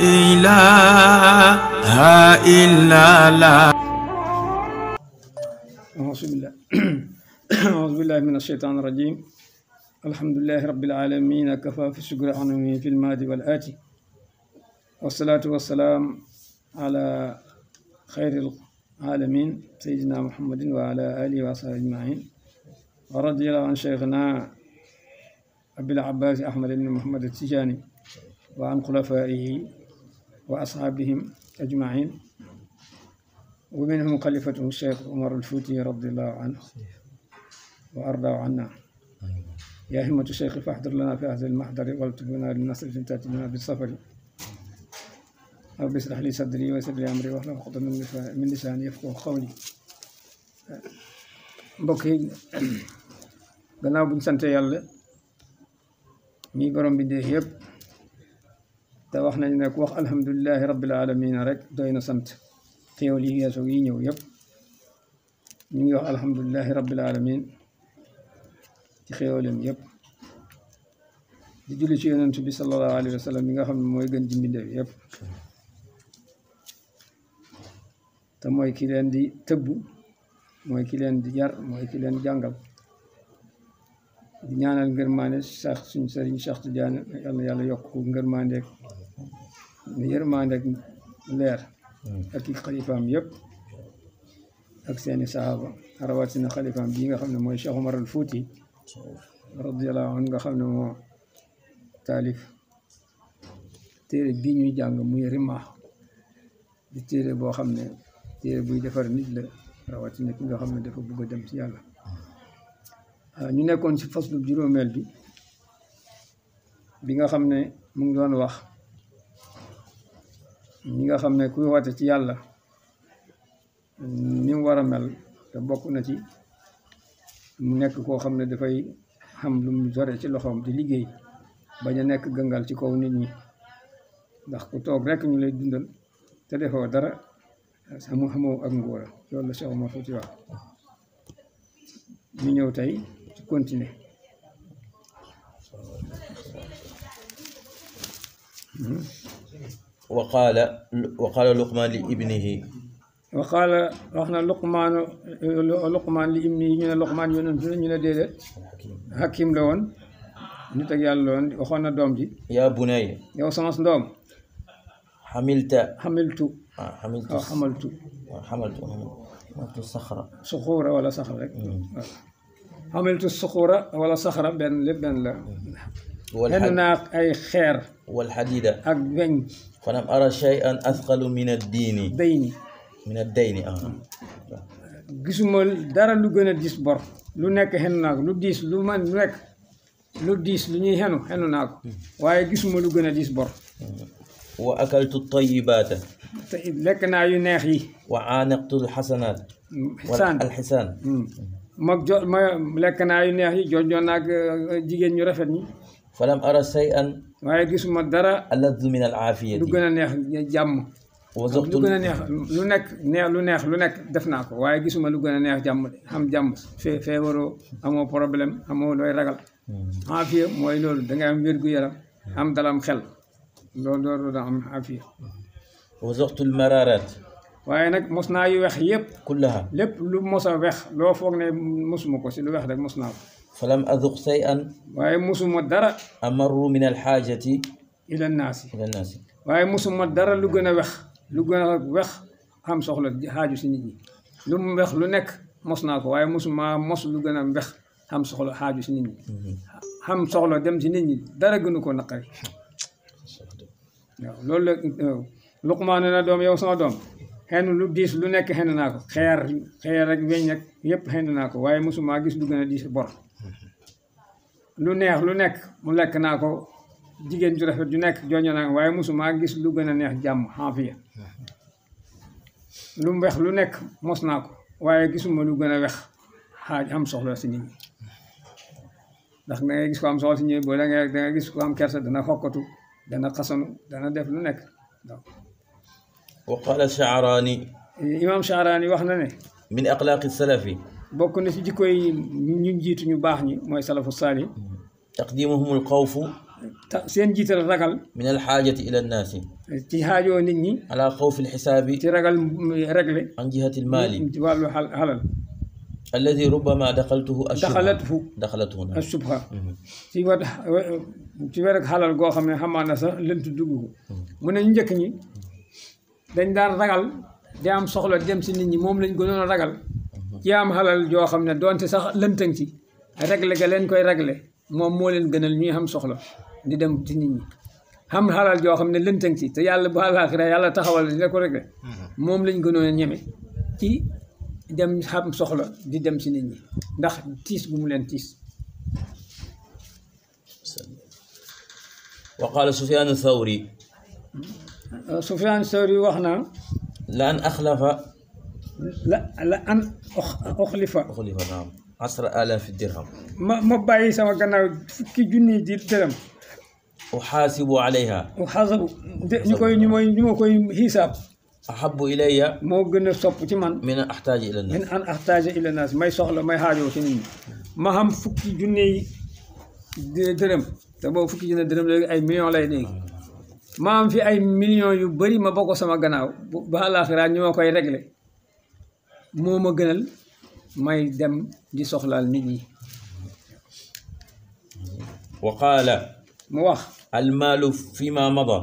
إله إلا لا أعوذ بالله أعوذ بالله من الشيطان الرجيم الحمد لله رب العالمين كفى في الشكر عنه في الماضي والآتي والصلاة والسلام على خير العالمين سيدنا محمد وعلى آله وصحبه أجمعين ورضي الله عن شيخنا أبي العباس أحمد بن محمد التجاني وعن خلفائه وأصحابهم أجمعين ومنهم خليفته الشيخ عمر الفوتي رضي الله عنه وأرضى عنا يا همة الشيخ فاحضر لنا في هذا المحضر والتبنا للنصر تأتي بالسفر ربي اشرح لي صدري ويسر لي أمري واحلل عقدة من, من لساني يفقه قولي بوكي غناو بن buñ sant مي بروم borom bi te wax nañ nag wax alhamdulilahi rabbil alamina rek doy na sant xéewal yi yeesu yi ñëw yëpp ñu ngi wax alhamdulilahi rabbil alamin ci xéewalam yëpp di julli ci yonent bi sallallahu alayhi wa sallam nga xam ne mooy gën ci mbindeef yëpp te mooy ki leen di tëbb mooy ki leen di yar mooy ki leen jàngal di ñaanal ngërmaane sax suñ sëriñ Cheikh Tidiane yal na yàlla yokk ngërmaandeek yërmande ak leer hmm. ak i xalifaam yëpp ak seeni saxaaba rawatina xalifaam bii nga xam ne mooy Cheikh Umar al Fuuti radiyallahu nga xam ne moo taalif téere bii ñuy jàng muy Rimah di téere boo xam ne téere buy defar nit la rawatina ki nga xam ne dafa bëgg a dem ci yàlla ah, ñu nekkoon ci faslu juróomeel bi bi nga xam ne mu ngi doon wax ñi nga xam ne kuy woote ci yàlla ni mu war a mel te bokk na ci mu nekk koo xam ne dafay xam lu mu jore ci loxoom di liggéey bañ a nekk gëngal ci kaw nit ñi ndax ku toog rekk ñu lay dundal te defoo dara samu xamoo ak ngóor a loolu la Cheikh Omar wax ñu ñëw tey ci continuer hmm? وقال وقال لقمان لابنه وقال واخنا لقمان لقمان لابنه من لقمان يونس من ديدت حكيم لون نيتا يال لون واخنا دوم دي يا بني يا سانس دوم حملت حملت آه حملت آه، آه، حملت حملت حملت صخوره ولا صخره عملت الصخورة ولا صخرة بين لبن لا والحد... أي خير والحديدة أكبن فلم أرى شيئا أثقل من الدين دين من الدين آه قسم الدار اللي قلنا ديس لونك هناك لو ديس لو من لك لو ديس لني هنو هنو ناك واي قسم اللي قلنا ديس وأكلت الطيبات لكن أي وعانقت الحسنات الحسان الحسان mag jo ma lekk naa yu neex yi jooj joon ak jigéen ñu rafet ñi falam ara shay'an waaye gisuma dara alladhu min al-aafiyati lu gën a neex jàmm lu gën a neex lu nekk neex lu neex lu nekk def naa ko waaye gisuma lu gën a neex jàmm de xam jàmm fee feebaroo amoo problème amoo looy ragal aafiya mooy loolu dangay am wér-gu-yaram am dalam xel loolu loolu da am aafiya wa zuqtu al-mararat waaye nag mos naa yu weex yëpp. kullaha lépp lu mos a weex loo foog ne mosuma ko si lu weex rek mos naa ko. falam aduq shay'an. waaye mosuma dara. amaru min alxaajati. ila naasi ila naasi. waaye mosuma dara lu gën a weex lu gën a weex xam soxla xaaju si nit ñi lu mu weex lu nekk mos naa ko waaye mosuma mos lu gën a weex xam soxla xaaju si nit ñi. am soxla dem si nit ñi dara gënu ko naqari waaw loolu la Luqmaan ne na doom yow sama doom. xenn lu diis lu nekk xenn naa ko xeer xeer ak weñ ak yëpp xenn naa ko waaye mosumaa gis lu gën a diis bor lu neex lu nekk mu lekk naa ko jigéen ju rafet ju nekk jooño naa waaye mosumaa gis lu gën a neex jàmm xaafiya lu wex lu nekk mos naa ko waaye gisuma lu gën a wex xaaj am soxla si nit ndax da gis ko am soxla si nit boo da ngay gis ko am kersa dana xokkatu dana xasanu dana def lu nekk وقال شعراني الامام شعراني واخنا من اخلاق السلفي بوكو نتي ديكوي نين جيتو ني باخ ني موي سلف الصالح تقديمهم القوف سين جيتال رغال من الحاجه الى الناس تي حاجه نين ني على خوف الحساب تي رغال رغلي عن جهه المال والو حلال الذي ربما دخلته الشبهه دخلته دخلته الشبهه تي وات تي ورك حلال غو خامني خمانا سا لنت دوغو من نجهك ني dañ daan ragal di am soxla dem ci nit ñi moom lañ gënoon a ragal ci am xalal joo xam ne doonte sax lëntëng ci regle ga leen koy regle moom moo leen gënal ñuy xam soxla di dem ci nit ñi xam xalal joo xam ne lëntëng ci te yàlla bu àllaaxira yàlla taxawal di la ko regle moom lañ gënoon a ñeme ci dem xam soxla di dem ci nit ñi ndax tiis bu mu leen tiis وقال سفيان الثوري سفيان الثوري وحنا لأن أخلف لا لأن أخلف أخلف نعم 10000 درهم ما ما باي سما غناو فكي جوني درهم أحاسب عليها أحاسب نكوي نموي نموي حساب أحب إلي مو غن سوب من من أحتاج إلى الناس من أن أحتاج إلى الناس ماي سوخلو ماي حاجو تي سنين ما هم فكي جوني درهم تا بو فكي جوني درهم لاي أي مليون لاي ma am fi ay million yu bari ma bokk sama gannaaw ba àllaaxira ñoo koy régler moma gënal may dem di soxlaal nit ñi wa qala mu wax al mal fi ma mada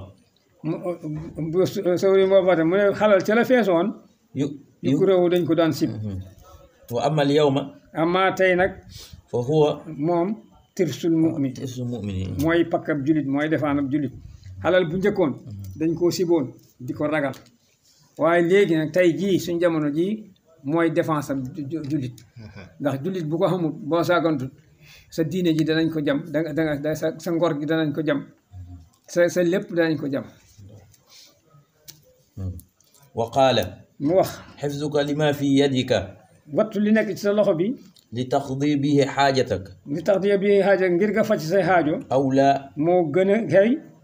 sawri mo fate mu xalal ci la fesson yu ko rew dañ ko daan sip wa amal yawma amma tay nak fa huwa mom tirsul mu'min tirsul mu'min moy pakkab julit moy defanam julit halal bu njëkkoon dañ ko sibon diko ragal waye léegi nak tay ji suñ jamono ji moy défense am julit ndax julit bu ko xamul boo saagantut sa diine ji dañ ko jam da nga sa sa ngor gi dañ ko jam sa sa lépp dañ ko jam wa qaala mu wax xifzuka lima fi yadika wattu li nekk ci sa loxo bi li taqdi bihi xaajatak li taqdi bihi xaajatak ngir nga say aw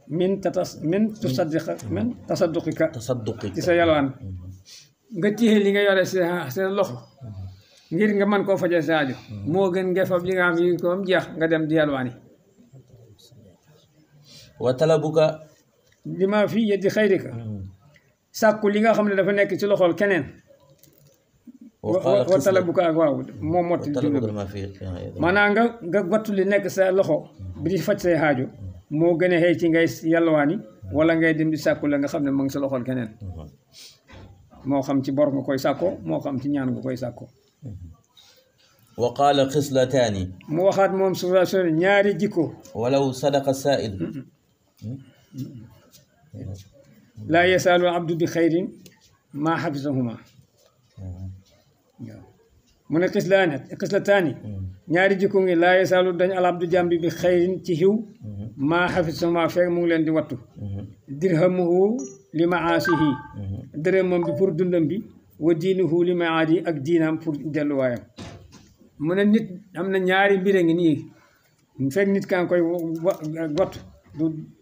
min tatas min tusaddiqa min tasadduqika tasadduqika ci sa yalwaan nga téye li nga yore seen loxo ngir nga mën koo fajee sa aajo moo gën nga li nga xam ko jeex nga dem di yalwaan yi wa talabuka li ma fii yeddi xayrika hmm. sàkku li nga xam ne dafa nekk ci loxol keneen wa talabuka ak waaw moo mott eh, maanaam nga nga wattu nekk sa loxo bi hmm. di faj say aajo mo gëna a xëy ci ngay yalwaani wala ngay dem di sàkku la nga xam ne ma ngi sa loxol keneen moo xam ci bor nga koy sàkko moo xam ci ñaan nga koy sàkko wa qaala xislataani mu waxaat moom sula so ñaari jikko walaw sadaqa saail laa yasaalu abdu bi xayrin maa xafisahuma mu ne xislaane xislataani mm. ñaari jikko ngi laa yasaalu dañ alabdu jàmbi bi xëyin ci xiw mm-hmm. maa xafit sama feeg mu ngi leen di wattu mm-hmm. dirhamuhu li maasihi mm-hmm. dërëm moom bi pour dundam bi wa diinuhu li maadi ak diinaam pour delluwaayam mu ne nit am na ñaari mbire ngi nii fekk nit kaa ngi koy wattu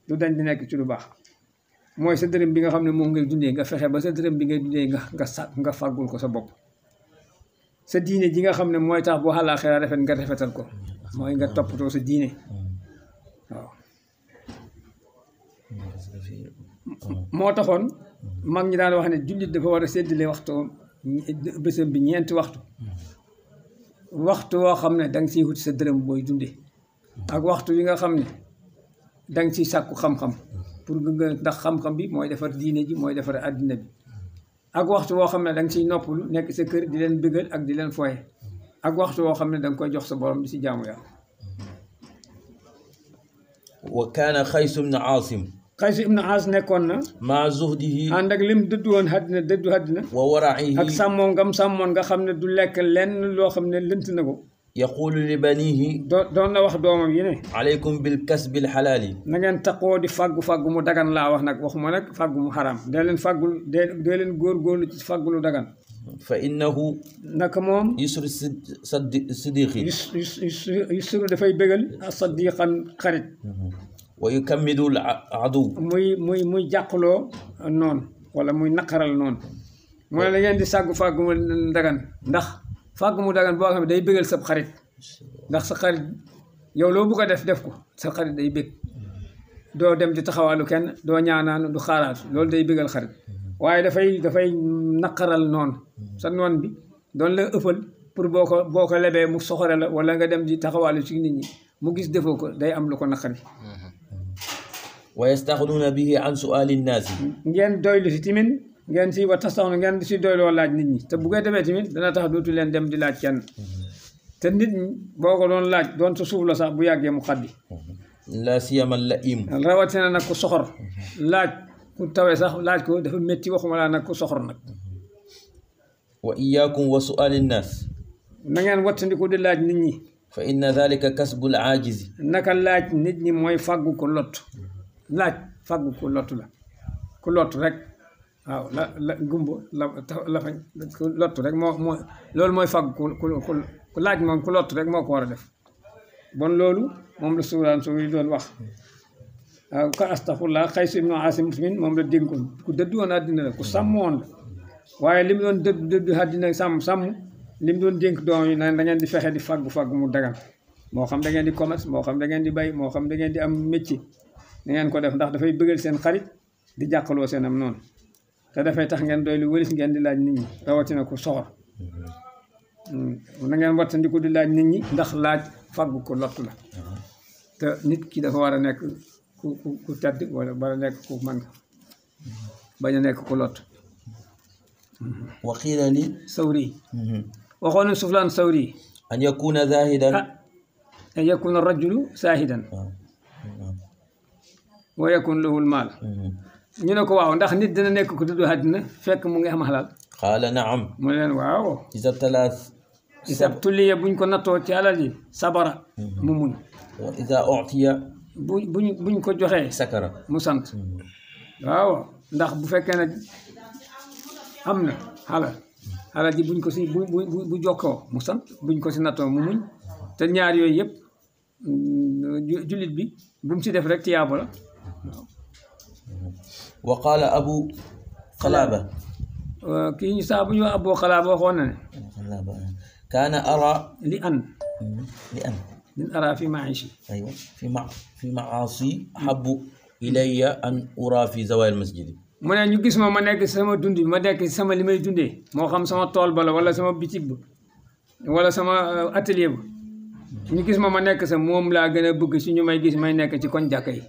du dañ di nekk ci lu baax mooy sa dërëm bi nga xam ne moom ngay dundee nga fexe ba sa dërëm bi ngay dundee nga nga sa ko sa bopp sa diine ji nga xam ne mooy tax bu àllaaxira rafet nga rafetal ko mooy nga toppatoo sa diine waaw moo taxoon mag ñi daan wax ne jullit dafa war a séddale waxtoom bésam bi ñeenti waxtu waxtu woo xam ne danga siy wut sa dërëm booy dunde ak waxtu yi nga xam ne danga siy sàkku xam-xam pour nga ndax xam-xam bi mooy defar diine ji mooy defar àddina bi ak waxtu woo xamne dang ci noppul nek sa kër di len bëggal ak di len foye ak waxtu woo xamne dang koy jox sa borom di si jaamu yàlla wa kana khays ibn asim khays ibn as nekon na ma zuhdihi ànd ak lim dudd won àddina dudd àddina wa waraihi ak sàmmoon ngam sàmmoon nga xamne du lek len lo xamne ne lënt na يقول لبنيه دون واخ دومام يني عليكم بالكسب الحلال نغن تقو دي فاغو فاغو مو دغان لا واخ نك واخما نك فاغو مو حرام دلن فاغو دلن غور غور تي فاغو لو دغان فانه نك موم يسر صديقي يسر دا فاي بيغل صديقا خريت ويكمد العدو موي موي موي جاكلو نون ولا موي نقرال نون مولا نغن دي ساغو فاغو دغان نخ fàgg mu dagan boo xam ne day bëggal sa xarit ndax sa xarit yow loo bugg a def def ko sa xarit day bëgg doo dem di taxawaalu kenn doo ñaanaan du xaaraat loolu day bëggal xarit waaye dafay dafay naqaral noon sa noon bi doon la ëppal pour boo ko boo ko lebee mu soxore la wala nga dem di taxawaalu ci nit ñi mu gis defoo ko day am lu ko naqari wa yastaxluuna bihi an su'aali nnaasi ngeen doylu si timin ngeen si wa tasaw ngeen di si doyloo laaj nit ñi te bu ngay demee tamit dana tax dootu leen dem di laaj kenn te nit ñi boo ko doon laaj doon sa suuf la sax bu yàggee mu xaddi la siyama la im rawatina nag ku soxor laaj ku tawe sax laaj ko dafa métti waxuma laa nag ku soxor nag wa iyaakum wa suali nnaas na ngeen wattandiku di laaj nit ñi fa inna dhalika kasbul aajisi naka laaj nit ñi mooy fàggu ko lot laaj fàggu ko lot la ku lot rek waaw la la gumba la lafañ ku lottu rek moo moo loolu mooy fag ku ku ku laaj moom ku lottu rek moo ko war a def bon loolu moom la suuraan su yi doon wax waaw ka astaxfirullah Qays ibnu Aasim muslimin moom la dénkoon ku dëddu woon àddina la ku la waaye li mu doon dëdd dëdd àddina sàmm sàmm li mu doon dénk doom yi nan da ngeen di fexe di fàggu fàggu mu dagan moo xam da ngeen di commerce moo xam da ngeen di bay moo xam da ngeen di am métier dangeen ko def ndax dafay bëggal seen xarit di jàkkaloo seen am noonu تدفعت عن دولي ولسجان لاني رواتنا كصور ونجان واتن يقول لاني دخل لاج فابوكو لطلع نت كي دفعت عن كتاب ولا كوكمان بينك كولوت وقيل لي سوري وقال سفلان سوري ان يكون زاهدا ان يكون الرجل زاهدا ويكون له المال ñu ne ko waaw ndax nit dina nekk ku dëddu àddina fekk mu ngi am xalaal qaala naam mu leen waaw isa talaat isa tulliya buñ ko nattoo ci alal yi sabara mhm. mu muñ bu buñ buñ ko joxee sakara mu sant mhm. waaw ndax bu fekkee ne am na xalal xalal ji buñ ko si bu jokkoo mu sant buñ ko si nattoo mu muñ te ñaar yooyu yëpp mm, jullit bi bu mu si def rek tiyaabo la وقال أبو قلابة كي صاحب أبو قلابة هنا كان أرى لأن لأن لأن أرى في معيشي أيوة في مع في معاصي أحب إلي أن أرى في زوايا المسجد من أن يقسم ما نك سما دندي ما نك سما لمي دندي ما خم سما طالب ولا سما بيتيب ولا سما أتليب نقسم ما نك سما مملا عن أبو كسي نيو ما يقسم ما نك تكون جاكي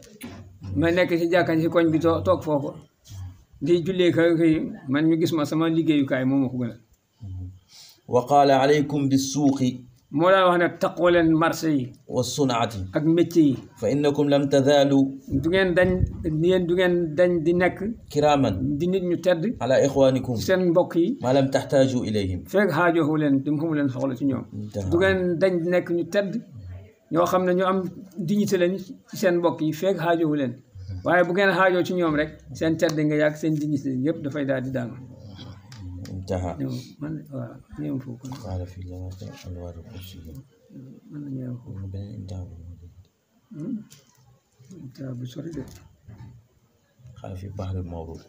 وقال عليكم ci jakk مولا وانا تقول المرسي والصنعة أكمتي فإنكم لم تزالوا دين دين دين دين دينك كراما دين نتد على إخوانكم سن بقي ما لم تحتاجوا إليهم فك هاجو هولن دمهم لن فقولة نيوم دين دين دينك نتد نيو خمنا نيو أم دين تلن سن بقي فك هاجو هولن waye bu ngeen haajo ci ñoom rek seen tedd nga yak seen digis yëpp fay daal di daanu انتهى قال في لغة أنوار الكرسي قال في بحر الموروث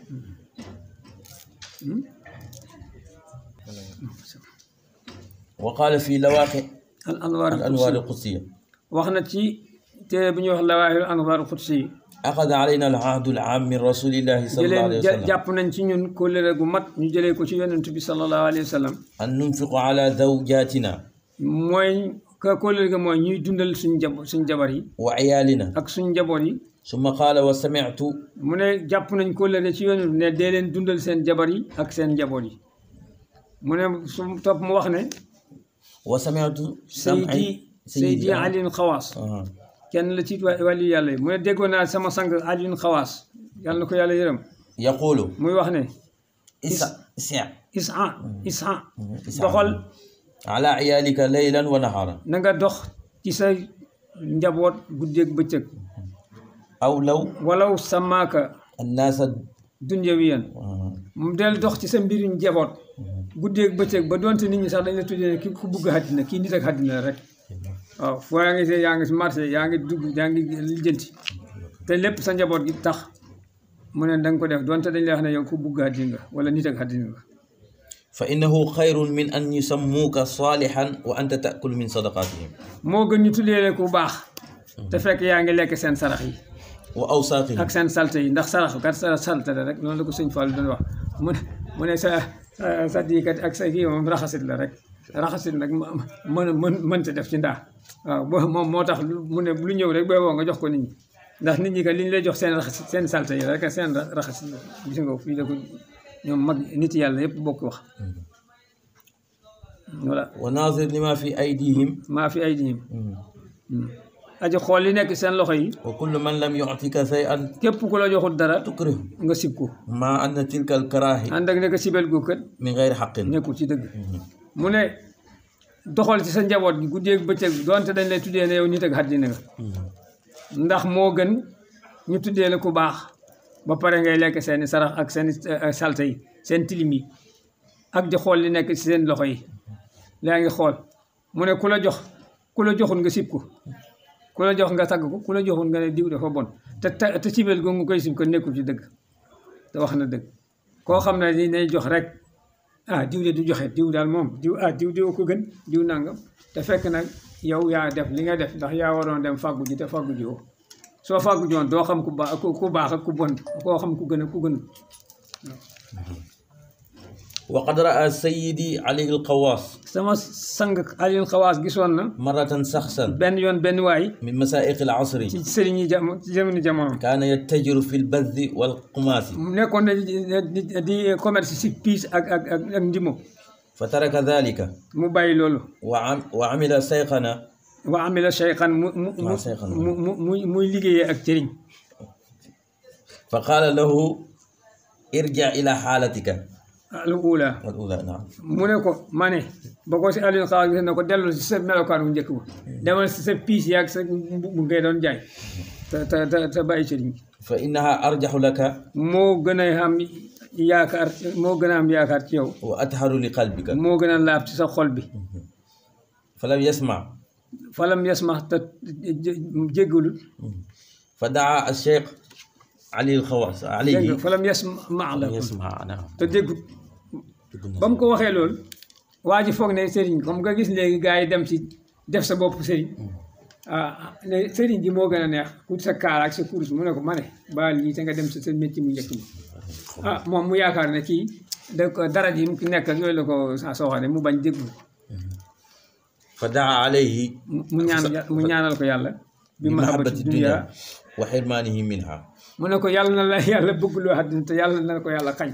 وقال في لواقع الأنوار القدسية وخنا تي تي بنيو لواقع الأنوار القدسية أخذ علينا العهد العام من رسول الله صلى الله عليه وسلم جابنا نانتي كل كوليرا غو مات ني جيلي صلى الله عليه وسلم أن ننفق على زوجاتنا موي كوليرا غو موي ني دوندال وعيالنا اك سن ثم قال وسمعت من جابنا كل كوليرا سي يونس ني دي اك سن من سم توب مو وسمعت سيدي, سيدي علي آه. الخواص آه. كان لا تيت ولي يالله مو ديغونا سما سانغ اجين خواص يال نكو يالله يرم يقول مو واخني اسع اسع اسع اسع دخل على عيالك ليلا ونهارا نغا دوخ تي ساي نجابوت غوديك بتيك او لو ولو سماك الناس دنيويا مدل دوخ تي سام بير نجابوت غوديك بتيك با دونتي نيت ني سا دا نتو دي كي بوغ حدنا كي نيت حدنا رك فإنه خير من أن يسموك صالحا وأنت تأكل من صدقاتهم. موغن يتولي باخ تفك يانغي لك سن سرخي واوساقي اك سن سالتي ندخ سرخ كات سالت رك نون لكو سن فال دون واخ مون مون سا صديقات اك سيفي مون لا رك رخصت نك من من من تدف سي ندخ waaw boo moom moo tax mu ne lu ñëw rek booy woo nga jox ko nit ñi ndax nit ñi kat li ñu lay jox seen raxas seen salte yi rek seen raxas gis nga fii la ko ñoom mag nit yàlla yëpp bokk wax voilà wa naazir li maa fi aydihim maa fi aydihim aji xool li nekk seen loxo yi wa kullu man lam yu'tika shay'an képp ku la joxul dara tukrih nga sib ko maa anna tilka al karaahi ànd ak nekk sibel gu kat min ghayri haqqin nekkul ci dëgg mu ne doxal ci sa njaboot gi guddeeg bëccëg bi donte dañ lay tuddee ne yow nit ak àddina nga mm-hmm. ndax moo gën ñu tuddee la ku baax ba pare ngay lekk seeni sarax ak seeni euh, salte yi seen tilim yi ak di xool li nekk ci seen loxo yi laa ngi xool mu ne ku la jox ku la joxul nga sib ko ku la jox nga tagg ko ku la joxul nga ne diw dafa bon te te sibel googu nga koy sib ko nekkul ci dëgg te wax na dëgg koo xam ne ni nay jox rek ah diw de du joxe diw dal mom diw ah diw diw ko gën diw nangam te fekk nak yow ya def li nga def ndax ya waron dem fagu ji te fagu ji so fagu fàggu joon doo xam ku ba ku baax ak ku bon ko xam ku gëna a ku gën وقد رأى سيدي علي القواص سما سانغ أليون خواص قيسون مرة شخصا بن يون بن واي من مسائق العصر سيرني جام جام كان يتجر في البذ والقماس نكون دي كوميرس سي بيس اك اك اك نديمو فترك ذلك موبايل لولو وعمل سيقنا وعمل شيخا مو مو فقال له ارجع الى حالتك الأولى الأولى نعم مونيكو ماني بوكو سي ألين خالد بيسن نكو دلو سيسب ملوكان ونجكو دمان إيه. سيسب بيس ياك سيسب جاي تا تا تا تا باي شرين فإنها أرجح لك مو غني هم ياك مو غنا هم ياك أرتيو وأطهر لقلبك مو غنا لاب تسا قلبي فلم يسمع فلم يسمع تا جيقول فدعا الشيخ علي الخواص علي فلم يسمع معلم يسمع نعم تدق ba mu ko waxee loolu waa ji foog ne sëriñ comme nga gis léegi gaa yi dem ci def sa bopp sëriñ mm. ah ne sëriñ ji moo gën a neex ut sa kaar ak sa kurus mu ne ko ma ne baal lii te nga dem sa sa métti mu njëkk ma ah, moom mu yaakaar ne kii da dara ji mu nekk ak yooyu la ko sooxane mu bañ déglu mm-hmm. fa daa alayhi mu mu ñaanal ko yàlla bi mahabbati dunya wa hirmanihi minha mu ne ko yàlla na la yàlla bëgg loo àddina te yàlla na ko yàlla kañ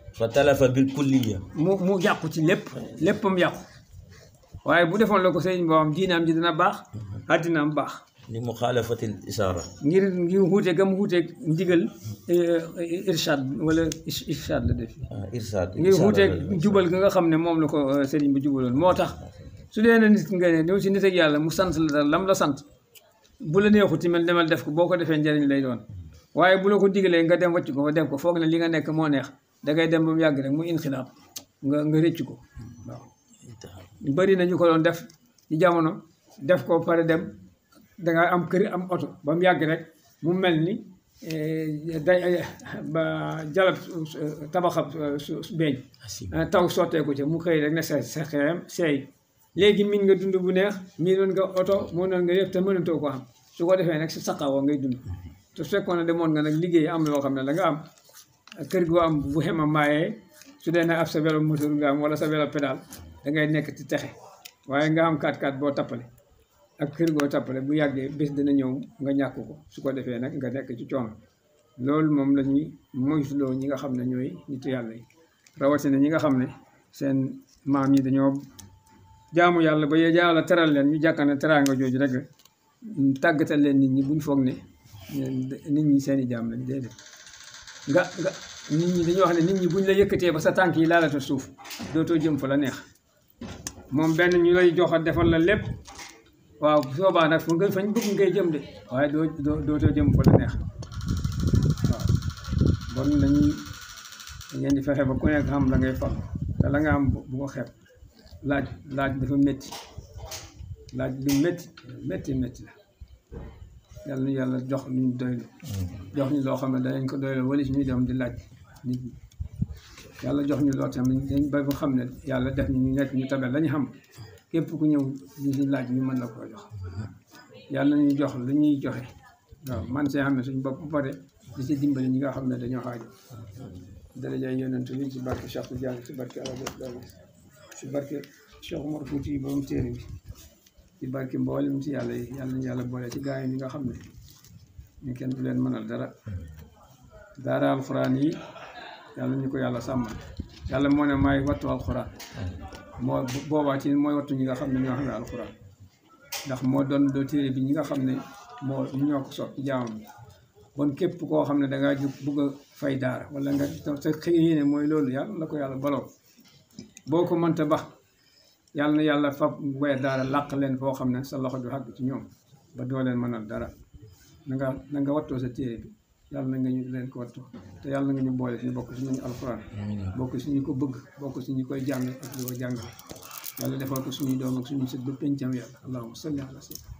fatalafa bil kulliya mu mu yàqu ci lépp léppam yàqu waaye bu defoon la ko sëñ boobam diinaam ji dina baax àddinaam baax li muxaalafati l isaara ngir ngir wuute gam wuute ndigal irshad wala irshad la def irshad ngir wuute jubal ga nga xam ne moom la ko sëriñ bi jubaloon moo tax su dee na nit nga ne ñëw si nit ak yàlla mu sant la dara lam la sant bu la neexut mel demal def ko boo ko defee njëriñ lay doon waaye bu la ko digalee nga dem wàcc ko fa dem ko foog ne li nga nekk moo neex dangay dem ba mu yàgg rek mu inqilab nga nga rëcc ko waaw bëri nañu ko doon def jamono def ko pare dem dangay am kër am oto ba mu yàgg rek mu mel ni eh, day ba jalab tabaxab beeñ ah, taw sotteeku ca mu xëy rek ne sa sa xeem seey léegi min nga dund bu neex mii nga oto moo noon nga yëpp te mënatoo ko xam su ko defee nag sa saqawoo ngay dund te mm-hmm. fekkoon ne demoon nga nag liggéey am loo xam ne la nga am kër goo am bu xema maayee su dee ne ab sa welo moteur nga am wala sa welo pédal da nekk ci texe waaye nga am 4 x boo tappale ak kër goo tappale bu yàggee bis dina ñëw nga ñàkk ko su ko defee nag nga nekk ci coono loolu moom la ñuy moytuloo ñi nga xam ne ñooy nitu yàlla yi rawatina ñi nga xam ne seen maam ñi dañoo jaamu yàlla ba yee yàlla teral leen ñu jàkka ne teraanga jooju rek tàggatal leen nit ñi buñ foog ne nit ñi seen i jaam lañ nga nga nit ñi dañuy wax ne nit ñi buñ la yëkkatee ba sa tànk yi laalata suuf dootoo jëm fa la neex moom benn ñu lay jox defal la lépp waaw soobaa nag fu nga fañ bëgg ngay jëm de waaye doo dootoo jëm fa la neex waaw bon nañuy ngeen di fexe ba ku nekk xam la ngay fal te la nga am bu ko laaj laaj dafa métti laaj du métti métti la yàlla nu yàlla jox luñ doylu mm-hmm. jox ni loo xam ne danañ ko doylu wala si ñuy dem di laaj nit yàlla jox ñu loo tamit dañ ba nga xam ne yàlla def ñu nekk ñu tabe lañu xam képp ku ñëw ñu si laaj ñu mën la koo jox mm-hmm. yàlla ñu jox lu ñuy joxe waaw man see xam ne suñ bopp bu pare di si dimbali ñi nga xam ne dañoo xaaju darajaay yonent bi ci barke Cheikh Tidiane ci barke Alaaji Abdoulaye ci barke Cheikh Omar Fouti borom téere bi ci barki mboolem ci yàlla yi yàlla ñu yàlla boole ci gaa yi ñi nga xam ne ñu kenn du leen mënal dara daara alxuraan yi yàlla ñu ko yàlla sàmmal yàlla moo ne maay wattu alxuraan moo boobaa ci mooy wattu ñi nga xam ne ñoo xam ne alxuraan ndax moo doon doo téere bi ñi nga xam ne moo ñoo ko soppi jaamam bon képp koo xam ne dangaa jóg bugg a fay daara wala nga sa xëy ne mooy loolu yàlla la ko yàlla baloo boo ko mënta bax yàlla na yàlla fab wee daara làq leen foo xam ne sa loxo du xàgg ci ñoom ba doo leen mënal dara na nga na nga wattoo sa téere bi yàlla na nga ñu leen ko wattoo te yàlla na nga ñu boole suñu bokk suñu alxuraan bokk su ñu ko bëgg bokk ñu koy jàng ak di ko jàngal yàlla defal ko suñuy doom ak suñu sët ba pencam yàlla allahumma salli ala sayyidina